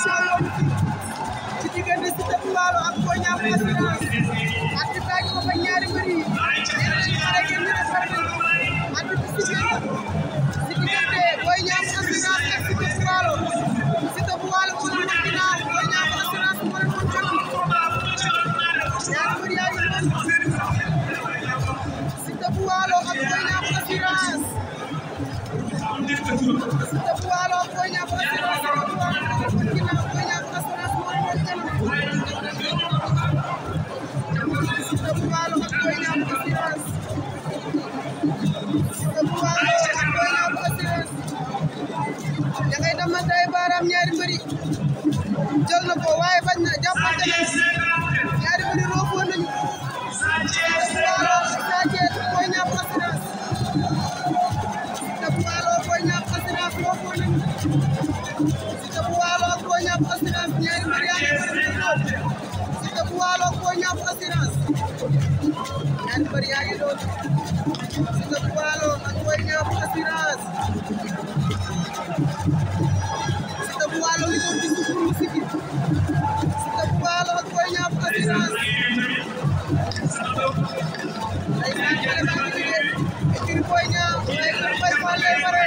action yooyu ci diggante Siteu Mbalo ak Boy Niang Assurance arbitre bi ba ñaari mbir assurance ñaari mbër bu waalo Boy Niang bu assurance ñaari mbër yaa ngi doon Siteu bu waalo ak Boy Niang bu assurance Siteu bu waalo li doon dindi pour mu sikki Siteu bu waalo ak Boy Niang bu assurance ay mbër maa ngi liggéey équipe Boy Niang ay mbër Baye Fall lay bare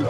you.